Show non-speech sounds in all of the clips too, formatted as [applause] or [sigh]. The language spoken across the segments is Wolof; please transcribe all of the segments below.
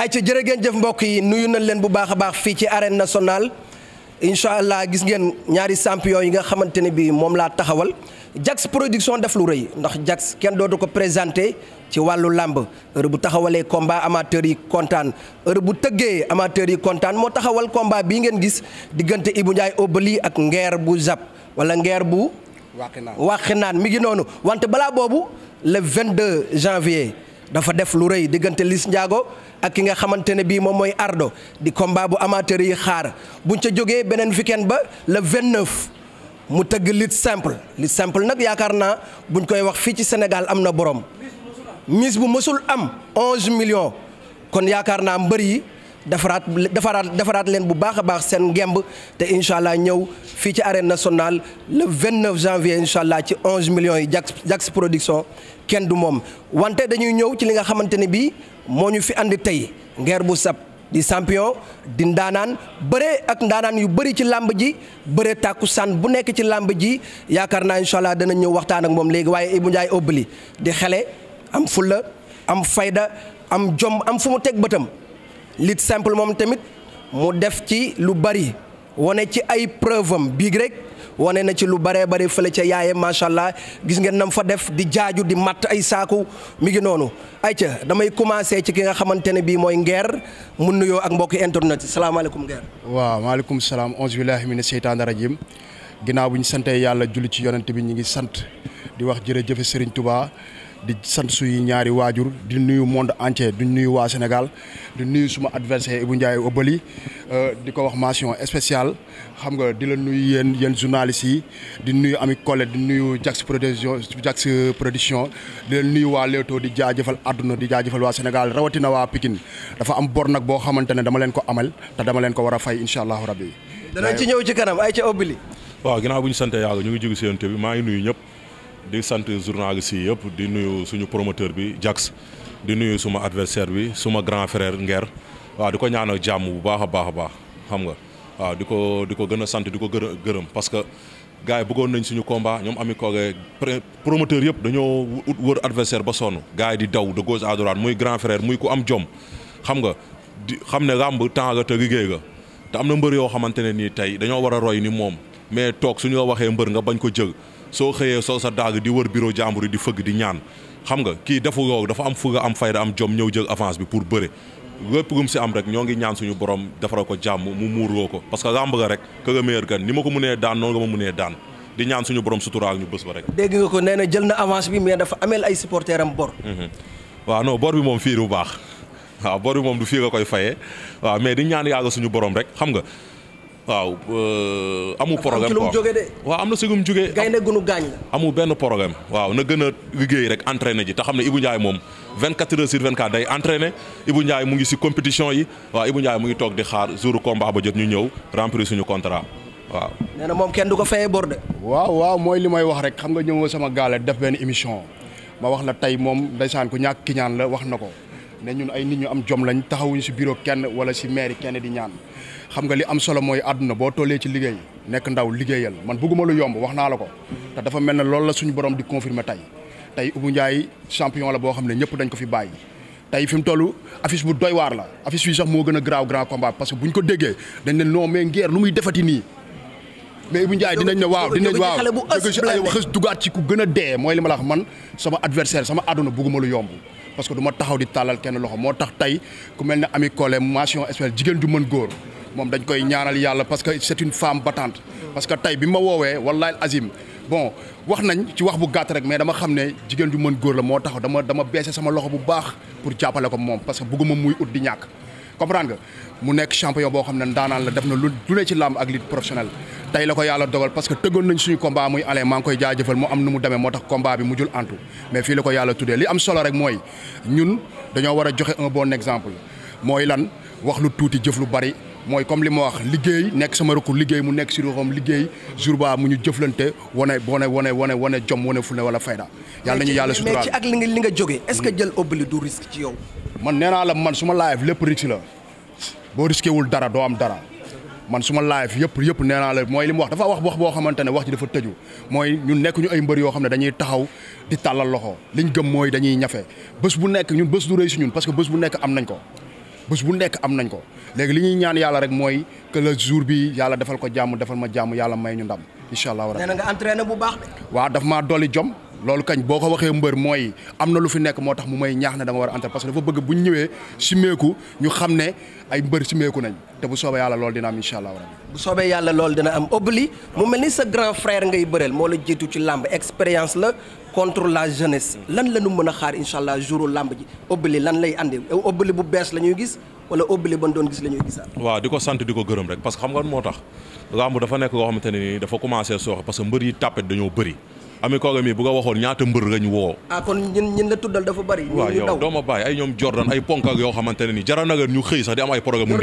ay ca jërë ngeen jëf mbokk yi nuyu nañ leen bu baax a baax fii ci arène nationale incha allah gis ngeen ñaari champion yi nga xamante ne bii moom laa taxawal Jax production def lu rëy ndax Jax kenn dootu ko présenté ci wàllu làmb heure bu taxawalee komba amateur yi kontaan heure bu tëggee amateur yi kontaan moo taxawal combat bii ngeen gis diggante Ibou Ndiaye Obali ak ngeer bu Zap wala ngeer bu. wàqi naan mi ngi noonu wante balaa boobu le 22 janvier dafa def lu rëy diggante Liss Ndiago. ak ki nga xamante ne bii moom mooy ardo di combat bu amateur yi xaar buñ ca jógee beneen weekend ba le 29 mu tëgg lit simple lutte simple nag yaakaar naa buñ koy wax fii ci Sénégal am na borom mise bu mësul am 11 million kon yaakaar naa mbër yi. defaraat defaraat defaraat leen bu baax a baax seen ngemb te incha allah ñëw fii ci arène national le 29 janvier incha allah ci 11 millions yi Jax Jax production kenn du moom. wante dañuy ñëw ci li nga xamante ne bii moo ñu fi andi tey ngeer bu sab di champion di ndaanaan bëre ak ndaanaan yu bëri ci làmb ji tàkku tàkkusaan bu nekk ci làmb ji yaakaar naa incha allah dana ñëw waxtaan ak moom léegi waaye bu Ndiaye Obli di xele am fulla am fayda am jom am fu teg bëtam. lit simple moom tamit mu def ci lu bari wane ci ay preuve am biig rek wane na ci lu baree bari fële ca yaayam macha allah gis ngeen nam fa def di jaaju di matt ay saaku mi ngi noonu. ayca damay commencé ci ki nga xamante ne bii mooy Nguer mun nuyoo ak mbokki internet salaamaaleykum Nguer. waaw maaleykum salaam onze billahi mina seytaani rajim ginnaaw bu ñu santee yàlla julli ci yonent bi ñu ngi sant di wax jërëjëf Serigne Touba. di sant suy ñaari waajur di nuyu monde entier di nuyu waa Sénégal di nuyu suma adversaire Ibou Ndiaye Obali euh, di ko wax mention spéciale xam nga di la nuyu yéen yéen journalistes yi di nuyu Ami Collé di nuyu Jax production Jax production di la nuyu waa Leewtoo di jaajëfal àdduna di jaajëfal waa Sénégal rawatina waa Pikine dafa am bor nag boo xamante ne dama leen ko amal te dama leen ko war a fay incha allahu rabbi danañ ci ñëw ci kanam ay ca Obali. waaw ginnaaw bu maa ngi nuyu ñëpp. di sant journaliste yi yëpp di nuyu suñu promoteur bi Jax di nuyu suma adversaire bi suma grand frère Nguer waaw di ko ñaanal jàmm bu baax a baax a baax xam nga waaw di ko di ko gën a sant di ko gën gërëm parce que gars yi bëggoon nañ suñu combat ñoom ami koogee promoteur yëpp dañoo wër adversaire ba sonn gars yi di daw de gauche à muy grand frère muy ku am jom xam nga xam ne làmb temps ga te liggéey ga te am na mbër yoo xamante ne nii tey dañoo war a roy ni moom mais toog suñu la waxee mbër nga bañ ko jëg soo xëyee soo sa daag di wër bureau jàmbur yi di fëgg di ñaan xam nga kii defu yow dafa am fuga am fay fayda am jom ñëw jël avance bi pour bëre lépp gum si am rek ñoo ngi ñaan suñu borom defara ko jàmm mu muur muurloo ko parce que làmb ga rek que nga meilleur gan ni ma ko mënee daan noonu nga ma mënee daan di ñaan suñu borom suturaak ñu bés ba rek. dégg nga ko nee na jël na avance bi mais dafa ameel ay supporteurs am bor. Mhm. waaw non bor bi moom fii bu baax [laughs] waaw bor moom du fii nga koy fayee waaw mais di ñaan yàlla suñu borom rek xam nga waaw euh, amul programme quoi waaw am na sëgum jógee. gaynde gunu gaañ la. benn programme waaw na gën a liggéey rek entraîné ji te xam ne Ibou Ndiaye moom 24 heures sur 24 day entraîné Ibou Ndiaye mu ngi si compétition yi waaw Ibou Ndiaye mu ngi toog di xaar jour combat ba jot ñu ñëw remplir suñu contrat waaw. nee na moom kenn du ko fayee bor de. waaw waaw mooy li may wax rek xam nga ñëw sama gaale def benn émission ma wax la tey moom ndeysaan ku ñàkk ki ñaan la wax na ko ne ñun ay nit ñu am jom lañ taxawuñu si bureau kenn wala si mairie kenn di ñaan. xam nga li am solo mooy àdduna boo tollee ci liggéey nekk ndaw liggéeyal man bëgguma lu yomb wax naa la ko te dafa mel ne loolu la suñu borom di confirmer tey tey Ibou Ndiaye champion la boo xam ne ñëpp dañ ko fi bàyyi tey fi mu toll affiche bu doy waar la affiche bi sax moo gën a graaw grand combat parce bu buñ ko déggee dañ ne non mais ngeer lu muy defati nii mais Ibou Ndiaye dinañ ne waaw dinañ waaw jóge si ay xës dugaat ci ku gën a dee mooy li ma la man sama adversaire sama àdduna bëgguma lu yomb parce que du taxaw di tàllal kenn loxo moo tax tey ku mel ne ami collé mention spéciale jigéen ju mën góor moom dañ koy ñaanal yàlla parce que c'est une femme battante parce que tey bi ma woowee wallahi azim bon wax nañ ci wax bu gàtt rek mais dama xam ne jigéen ju mën góor la moo tax dama dama beese sama loxo bu baax pour jàppale ko moom parce que bëgguma muy ut di ñàkk comprendre nga mu nekk champion boo xam ne ndaanaan la def na lu lu ne ci làmb ak lutte professionnelle tey la ko yàlla dogal parce que tëggoon nañ suñu combat muy ale maa ngi koy jaajëfal mu am mu demee moo tax combat bi mujjul antu mais fii la ko yàlla tuddee li am solo rek mooy ñun dañoo war a joxe un bon exemple mooy lan wax lu tuuti jëf lu bari mooy comme li ma wax liggéey nekk sama recours liggéey mu nekk si roxam liggéey jour ba mu ñu jëflante wane wane wane wane wane jom wane ful ne wala fayda yàlla nañu yàlla suturaal mais ak li nga li nga ce que jël Obeuly du risque ci yow man nee naa la man su ma lépp lépp risque la boo risqué wul dara doo am dara man su ma live yëpp yëpp nee naa la mooy li mu wax dafa wax wax boo xamante ne wax ji dafa tëju mooy ñu nekk ñu ay mbër yoo xam ne dañuy taxaw di tàllal loxo liñ gëm mooy dañuy ñafe bés bu nekk ñu bés du rëy si ñun parce que bés bu nekk am nañ ko bés bu nekk am nañ ko léegi li ñuy ñaan yàlla rek mooy que jour bi yàlla defal ko jàmm defal ma jàmm yàlla may ñu ndam incha allah. nee na nga entraîné bu baax de. waaw daf maa dolli jom. loolu kañ boo ko waxee mbër mooy am na lu fi nekk moo tax mu may ñaax ne dama war a antal parce que dafa bëgg bu ñu ñëwee simeeku ñu xam ne ay mbër simeeku nañ te bu soobee yàlla loolu dina am incha allah. bu soobee yàlla loolu dina am obli mu mel ni sa grand frère ngay bëreel moo la jiitu ci làmb expérience la contre la jeunesse. lan la ñu mën a xaar incha allah jouru làmb ji obli lan lay andi obli bu bees la ñuy gis wala obli ban doon gis la ñuy gisaat. waaw di ko sant di ko gërëm rek parce que xam nga moo tax làmb dafa nekk loo xamante ne nii dafa commencé sooxe parce que mbër yi tàppet dañoo bëri ami kooga mii bu ko waxoon ñaata mbër lañu woo. ah kon ñun ñun la dafa bari. ñu waaw yow doo ma bàyyi ay ñoom Jordan ay ponk ne nii jaral na ñu xëy sax di am ay programme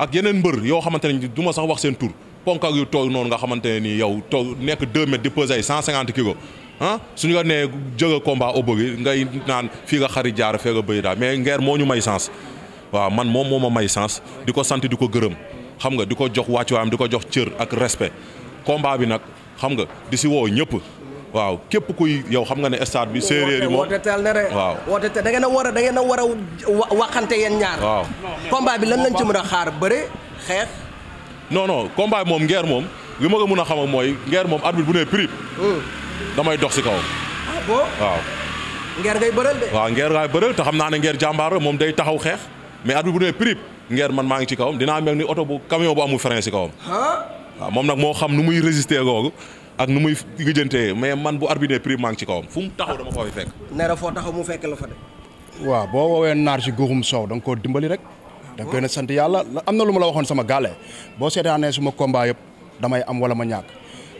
ak yeneen mbër yoo xamante ne du ma sax wax seen tur ponk yu toog noonu nga xamante ne nii yow toog nekk 2 mètres di peser ay ah, suñu la nee jëga combat au bëgg ngay naan fii nga xari jaara fee nga bëy daal mais ngeer moo ñu may sens waaw man moom moo ma may sens di ko sant di ko gërëm xam nga di ko jox wàccuwaayam di ko jox cër ak respect combat bi nag xam nga di si woo ñëpp waaw képp kuy yow xam nga ne stade bi séeréer yi moom woote teel na de waaw woote da ngeen war a a war a waxante yeen ñaar waaw combat bi lan lañ ci mën a xaar bëre xeex non non combat moom ngeer moom li ma ko mën a xamal mooy ngeer moom arbitre bu nee prip hmm. damay dox si kaw ah waaw ngeer ngay bëreel de waaw ngeer ngay bëreel te xam naa ne ngeer jàmbaar moom day taxaw xeex mais arbitre bu nee prip ngeer man maa ngi ci kawam dinaa mel ni oto bu camion bu amul si kawam waaw moom nag moo xam nu muy résister googu ak nu muy gëjantee mais man bu arbitre prix maa ngi ci kawam fu mu taxaw dama koo fay fekk. nera foo taxaw mu fekk la fa de. waaw boo woowee naar si guuxum soow da koo dimbali rek. da nga koy na sant yàlla am na lu ma la waxoon sama gaale boo seetaanee suma combat yëpp damay am wala ma ñàkk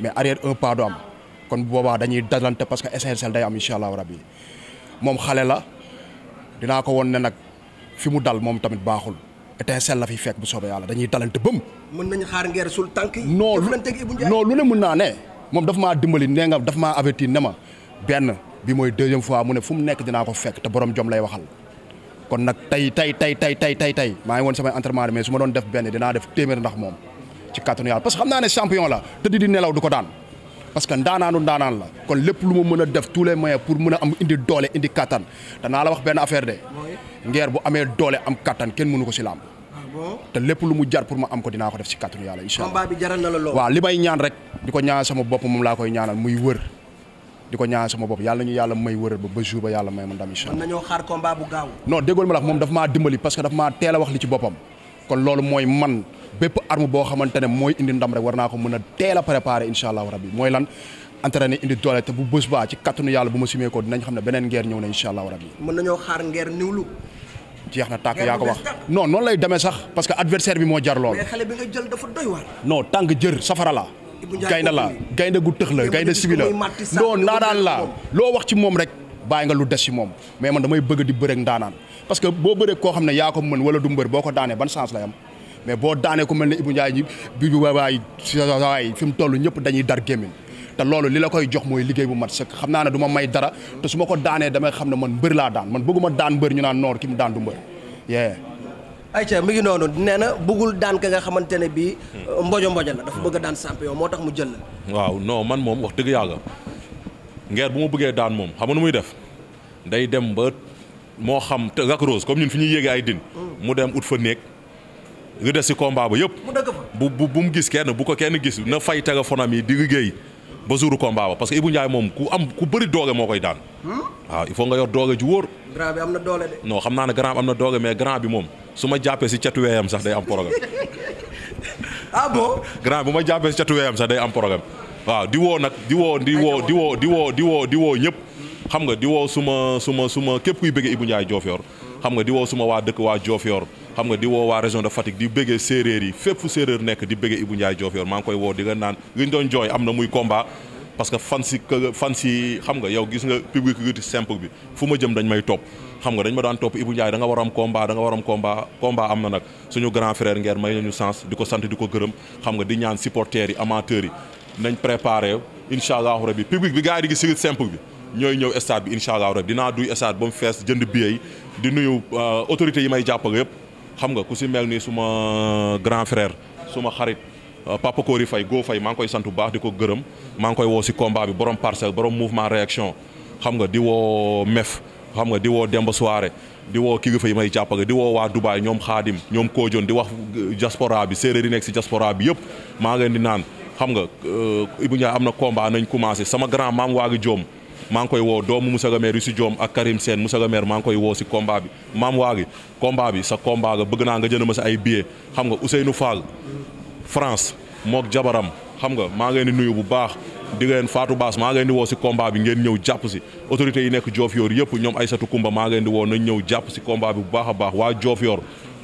mais arrière un pas du am kon boobaa dañuy dalante parce que essentiel day am incha allahu rabi moom xale la dinaa ko won ne nag fi mu dal moom tamit baaxul. étincelle la fi fekk bu soobee yàlla dañuy talante bëm. mën nañu xaar ngeer sul tànk lu ne mën naa ne. moom daf maa dimbali nee nga daf maa avertir ne ma benn bi mooy deuxième fois mu ne fu mu nekk dinaa ko fekk te borom jom lay waxal. kon nag tey tey tey tey tey tey tey maa ngi woon samay entraînement mais su ma doon def benn dinaa def téeméer ndax moom ci kàttanu yàlla parce xam naa ne champion la te di di nelaw du ko daan. parce que ndaanaanu ndaanaan la kon lépp lu ma mën a def tous les pour mën a am indi doole indi kattan danaa la wax benn affaire de Nguer bu amee doole am kattan kenn mënu ko si làmb ah, te lépp lu mu jar pour ma am ko dinaa ko def si kattanu yàlla incha allah combat bi jaral na la lool waaw li may ñaan rek di ko ñaanal sama bopp moom laa koy ñaanal muy wër di ko ñaanal sama bopp yàlla ñu yàlla may wëral ba ba jour ba yàlla may ma ndam incha allah mën ma la moom daf maa dimbali parce que maa teel a wax li ci boppam kon loolu bépp arme boo xamante ne mooy indi ndam rek war naa ko mën a teel a préparer incha allahu rabi mooy lan entraîné indi doole te bu bés baa ci kattanu yàlla bu ma simee ko dinañ xam ne beneen ngeer ñëw na incha allahu rabi. mën nañoo xaar ngeer niwlu. jeex na tànk yaa ko wax non noonu lay demee sax parce que adversaire bi moo jar lool. mais xale bi nga jël dafa jër safara la. gaynde la gaynde gu tëx la gaynde sibi la non ndaanaan la loo wax ci moom rek bàyyi nga lu des ci moom mais man damay bëgg di bëreeg ndaanaan parce que boo bëreeg koo xam ne yaa ko du mbër boo ko daanee ban sens lay am mais boo daanee ku mel ne Ibou Ndiaye bi bu waay waay fi mu toll ñëpp dañuy dar gémmiñ te loolu li la koy jox mooy liggéey bu mat sëkk xam naa ne du ma may dara te su ma ko daanee damay xam ne man mbër laa daan man bëgguma daan mbër ñu naan noor ki mu daan du mbër mi ngi noonu nee na bëggul daan ka xamante ne bii hmm. mbojo mbojo bëgg a daan champion moo tax mu jël waaw non man moom wax dëgg yàlla ngeer bu ma buggee daan moom xam nga nu muy def day dem ba moo xam te Lac comme ñun fi ñuy yéegee ay din hmm. mu dem ut fa néeg nga des si combat ba yëpp. bu bu bu mu gis kenn bu ko kenn gis na fay téléphone am yi di liggéey ba jouru combat ba parce que Ibou Ndiaye moom ku am ku bëri doole moo koy daan. Hmm? waaw il faut nga yor doole ju wóor. am na doole de. xam naa ne grand am na doole mais grand bi moom su ma jàppee si catu weeyam sax day am programme. [laughs] ah bon grand ma jàppee si catu sax day am programme. waaw di woo nag di woo di woo di woo di woo di woo di woo ñëpp xam nga di woo suma suma suma képp kuy bëggee Ibou joof yoor hmm. xam nga di woo suma waa dëkk waa Diofior xam nga di woo waa région de Fatick di bëggee séeréer yi fépp fu séeréer nekk di bëggee Ibou Ndiaye Diofior maa ngi koy woo di nga naan li ñu doon am na muy combat parce que fan si fan si xam nga yow gis nga public bi simple bi fu ma jëm dañ may topp xam nga dañ ma daan topp Ibou Ndiaye da nga war a am combat da nga war a am combat combat am na nag suñu grand frère Nguer may nañu sens di ko sant di ko gërëm xam nga di ñaan supporters yi amateur yi nañ préparé incha allahu rabi public bi gars yi di gis simple bi ñooy ñëw stade incha allahu rabi dinaa duy stade ba fees jënd billet yi di nuyu euh, autorités yi may jàppale yëpp xam nga ku si mel nii suma grand frère suma xarit euh, Papa Kori Faye Go Faye maa ngi koy sant bu baax di ko gërëm maa ngi koy woo si combat bi borom parcelle borom mouvement réaction xam nga di woo MEF xam nga di woo Demba Soare di woo kilifa yi may jàppale di woo waa Dubaay ñoom Xaadim ñoom Koojoon di wax euh, diaspora bi séeréer yi nekk si diaspora bi yëpp maa ngi leen di naan xam nga euh, bu Ndiaye am na combat nañ commencé sama grand maam waagi joom maa ngi koy woo doomu Moussa Gamer Youssou Diom ak Karim Sène Moussa Gamer maa ngi koy woo si combat bi maam waa bi sa combat ga bëgg naa nga jënd ma sa ay billets xam nga Ousseynou Fall France mook jabaram xam nga maa ngi leen di nuyu bu baax di ngeen Fatou Bass maa ngi leen di woo si combat bi ngeen ñëw jàpp si autorité yi nekk Diofior yëpp ñoom satu Koumba maa ngi leen di woo na ñëw jàpp si combat bi bu baax a baax waa Diofior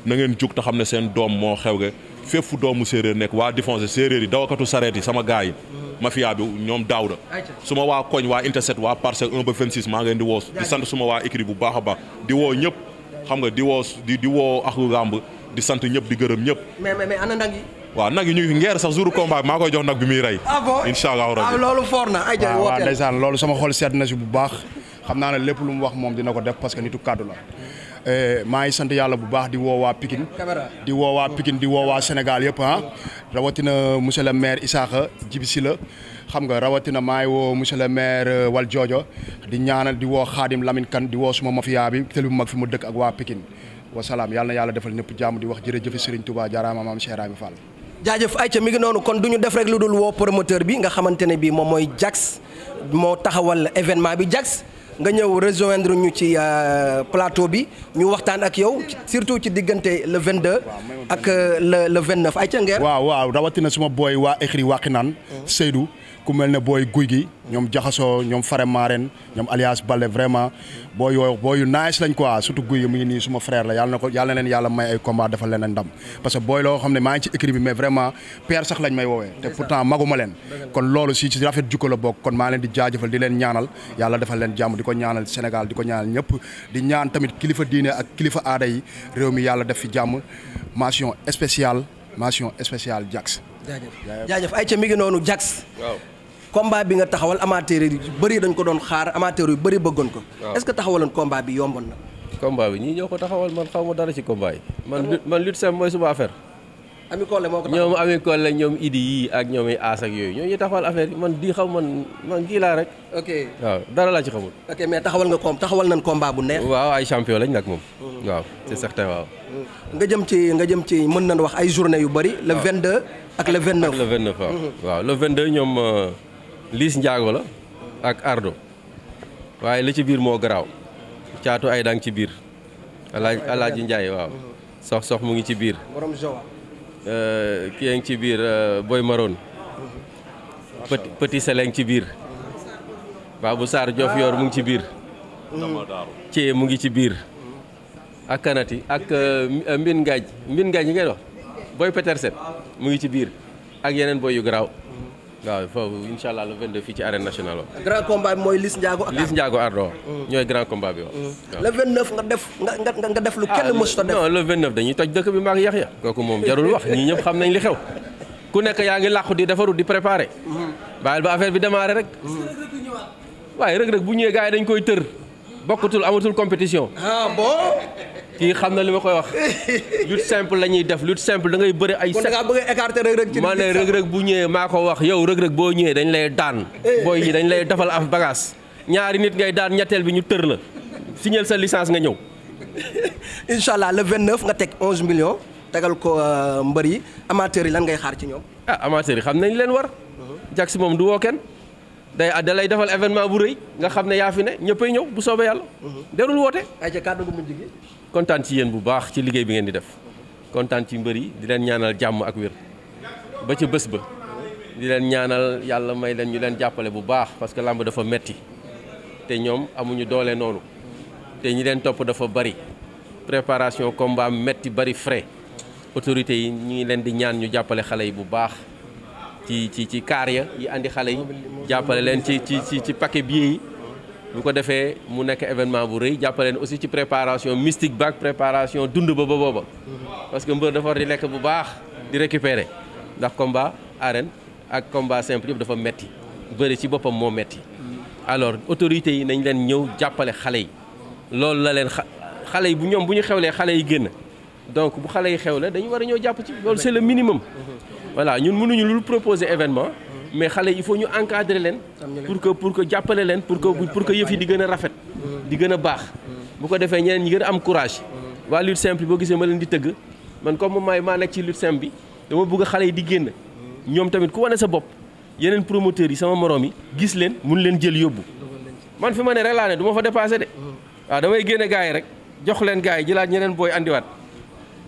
na ngeen jug te xam ne seen doom moo xew ge fépp fu doomu séeréer nekk waa défoncé séeréer yi dawakatu sareet yi sama gars yi mhm. mafia bi ñoom daaw da su ma waa koñ waa intercept waa parcelle 1 ba 26 maa ngi leen di woo di sant suma waa écrit bu baax a baax di woo ñëpp xam nga di woo di di woo ak ràmb di sant ñëpp di gërëm ñëpp mais mais ana nag yi waaw nag ñu ngi ngeer sax jour combat bi maa koy jox nag bi muy rey ah incha allah rabbi ah, loolu na loolu sama xol sedd na si bu baax xam naa ne lépp lu mu wax moom dina ko def parce que nitu la Eh, maa ngi sant yàlla bu baax di woo pikin Pikine di woowaa waa di woo waa Sénégal yëpp ah rawatina monsieur le maire Isaaxa Jibi la xam nga rawatina maa ngi woo monsieur le maire euh, Wal Joojo di ñaanal di woo Xaadim Lamine Kane di woo suma mafia bi télé bu mag fi mu dëkk ak waa Pikine wasalaam yàlla yàlla defal ñëpp jàmm di wax jërëjëf Serigne Touba jaaraama maam Cheikh Rahim Fall. jaajëf Aïcha mi ngi noonu kon du ñu def rek lu dul woo promoteur bi nga xamante ne bii moom mooy Jax moo taxawal événement bi Jax. nga ñëw rejoindre ñu ci euh, plateau bi ñu waxtaan ak yow surtout ci diggante le 22 ak la euh, le 29 ay ca ngeer waaw waaw rawatina suma booy waa écrit Wakhinane mm. Seydou ku mel ne booy guy gi ñoom jaxasoo ñoom Fare Maren ñoom alias Balde vraiment boo yoo booy lañ quoi surtout guy yi suma frère la yàlla na leen yàlla may ay combat defal leen ndam parce que booy loo xam ne maa ngi ci écrit mais vraiment père sax lañ may woowee te pourtant maguma leen kon loolu si rafet jukko la bokk kon maa leen di jaajëfal di leen ñaanal yàlla defal leen jàmm di ko ñaanal Sénégal di ko ñaanal ñëpp di ñaan tamit kilifa diine ak kilifa aada mi yàlla def fi jàmm mention spéciale mention spéciale Jax jaajëf jaajëf Jax combat bi nga taxawal amateur yu bëri dañ ko doon xaar amateur yu bëri bëggoon ko. est-ce que taxawaloon combat bi yomboon na. combat bi ñii ñoo ko taxawal man xaw ma dara ci combat yi. man man lutte simple suma affaire. Ami Collé moo ko taxawal ñoom Ami Collé ñoom Idi yii ak ñoom i aas yooyu ñoo ñuy taxawal affaire yi man di xaw man man laa rek. ok waaw mais taxawal nga koom taxawal nañ combat bu neex. waaw ay champion lañ nag moom. Mm. waaw nga jëm ci nga jëm ci mën nañ wax ay journée yu bëri. le 22 ak le 29 ak le 29 waaw. Mm-hmm. waaw le ñoom. Euh, liis njaago la ak ardo waaye li ci biir moo garaaw caatu ay ci biir alaaj alaaji njaay waaw mhm. sox sox mu ngi ci biir euh, kii a ngi ci biir euh, boy maroon mhm. petit seleng ci biir baabu saar jof yoor mu ngi ci biir cee mhm. mu ngi ci biir ak kanati ak mbin ngaaj mbin ngaaj yi ngay wax boy petersen mu ngi ci biir ak yeneen boy garaaw waaw foofu incha allah le 22 fii ci arène nationale waaw. grand combat bi mooy Liss Ndiago ak Ardo Liss Ndiago Ardo. Mm. ñooy grand combat bi mm. waaw. le 29 nga def nga nga def lu kenn ah, mësut a def. non le 29 dañuy toj dëkk bi maag Yaxya kooku moom jarul wax ñii ñëpp xam nañ li xew ku nekk yaa ngi làqu di defaru di préparé. Mm. bàyyil ba affaire bi démarré rek. waaye rëg-rëg bu ñëwee gars dañ koy tër bokkatul amatul compétition. ah bon. kii xam na li ma koy wax [laughs] lutte simple la ñuy def lut simple da ngay bëri ay. kon da ngaa bëgg ma ne Reug Reug bu ñëwee maa ko wax yow Reug Reug boo ñëwee dañ lay daan. Eh. booy yi dañ lay defal af bagage ñaari nit ngay daan ñetteel bi ñu tër la signal sa licence nga ñëw. [laughs] incha allah le 29 nga teg 11 millions tegal ko euh, mbër yi amateurs yi lan ngay xaar ci ñoom. ah amateurs yi xam nañ leen war. Uh-huh. jag si moom du woo kenn day ah, da lay defal événement bu rëy nga xam ne yaa fi ne ñëppay ñëw bu soobee yàlla. Uh-huh. derul woote. ay ca kàddu kontaan ci yéen bu baax ci liggéey bi ngeen di def kontaan ci mbër yi di leen ñaanal jàmm ak wér ba ca bés ba di leen ñaanal yàlla may leen ñu leen jàppale bu baax parce que làmb dafa metti te ñoom amuñu doole noonu te ñi leen topp dafa bari préparation combat metti bari frais autorités yi ñu ngi leen di ñaan ñu jàppale xale yi bu baax ci ci ci kaar ya yi àndi xale yi jàppale leen ci ci ci ci bi billet bu ko defee mu nekk événement bu rëy jàppaleen aussi ci préparation mystique baak préparation dund ba ba booba parce que mbër dafa war di lekk bu baax di récupérer ndax combat arène ak combat simple yëpp dafa metti bëri ci boppam moo metti alors autorités yi nañ leen ñëw jàppale xale yi loolu la leen xale yi bu ñoom bu ñu xewlee xale yi génn donc bu xale yi xewle dañu war a ñëw jàpp ci loolu c'est le minimum voilà ñun mënuñu lu proposer événement mais xale il faut ñu encadrer leen. pour que pour que jàppale leen pour que pour que yëf yi di gën a rafet. di gën a baax. Mm. bu ko defee ñeneen ñi gën a am courage. Mm. waa lutte simple boo gisee ma leen di tëgg man comme maay maa nekk ci lutte simple bi dama bëgg xale yi di génn. Mm. ñoom tamit ku wane sa bopp yeneen promoteurs yi sama moroom yi. gis leen mun leen jël yóbbu. man fi ma ne rek laa ne du ma fa dépassé de. waaw damay génne gars yi rek jox leen gars yi jëlaat ñeneen booy andiwaat.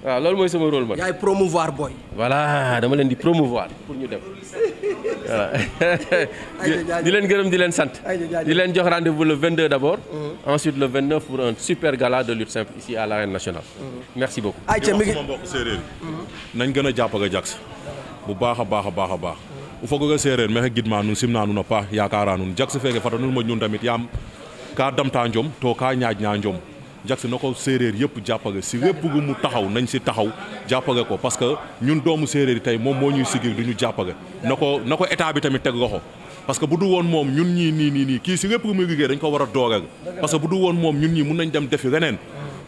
waaw loolu mooy sama rôle man. yaay booy. voilà dama leen di promouvoir pour ñu dem voilà. [laughs] di leen gërëm di leen sant. di leen jox rendez-vous le 22 d'abord. Mm-hmm. ensuite le 29 pour un super gala de lutte simple ici à l'arène nationale. Mm-hmm. merci beaucoup. ayca mi ngi mm-hmm. nañ gën a jàpp ak a jagsi bu baax a baax a baax a baax. u fogoga seereer maxey gidma nuun simna nuun a paax yakara nuun jak si fata nuun moƴ nuun tamit yaam ka damta too to ka ñaaƴna njom Jaks na ko séeréer yëpp jàppale si wépp gu mu taxaw nañ si taxaw jàppale ko parce que ñun doomu séeréer yi tey moom moo ñuy sigil du ñu jàppale na ko na ko état bi tamit teg loxo parce que bu du woon moom ñun ñii nii nii kii si wépp gu muy liggéey dañ ko war a dooleel parce bu du moom ñun ñii mun nañ dem defi leneen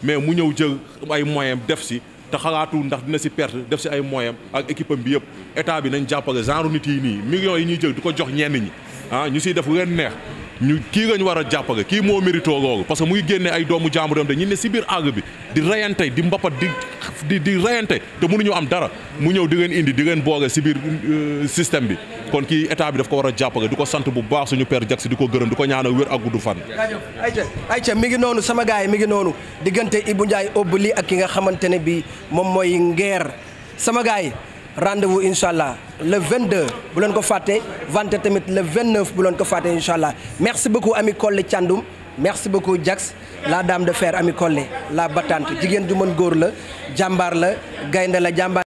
mais mu ñëw jël ay moyen def si te xalaatu ndax dina si perte def si ay moyen ak équipe am bi yëpp état bi nañ jàppale genre nit yi nii millions yi ñuy jël di ko jox ñenn ñi ah ñu siy def leen neex ñu kii nga ñu war a jàppale kii moo méritoo loolu parce que mu ngi génne ay doomu jàmbur dem te ñu ne si biir àll bi di rayante di mbapat di di di rayante te mënuñu am dara mu ñëw di leen indi di leen boole si biir euh, système bi kon kii état bi daf ko war a jàppale di ko sant bu baax suñu père Jax di ko gërëm di ko ñaanal wér ak gudd fan. ayca ayca mi ngi noonu sama gars yi mi ngi noonu diggante Ibou Ndiaye Obli ak ki nga xamante ne bii moom mooy Nguer sama gars yi rendez-vous incha allah le 22 bu leen ko fàtte vente tamit le 29 bu leen ko fàtte incha allah merci beaucoup ami Collé Thiandoum merci beaucoup Jax la dame de fer ami Collé la battante jigéen ju mën góor la jàmbaar la gaynde la jàmbaar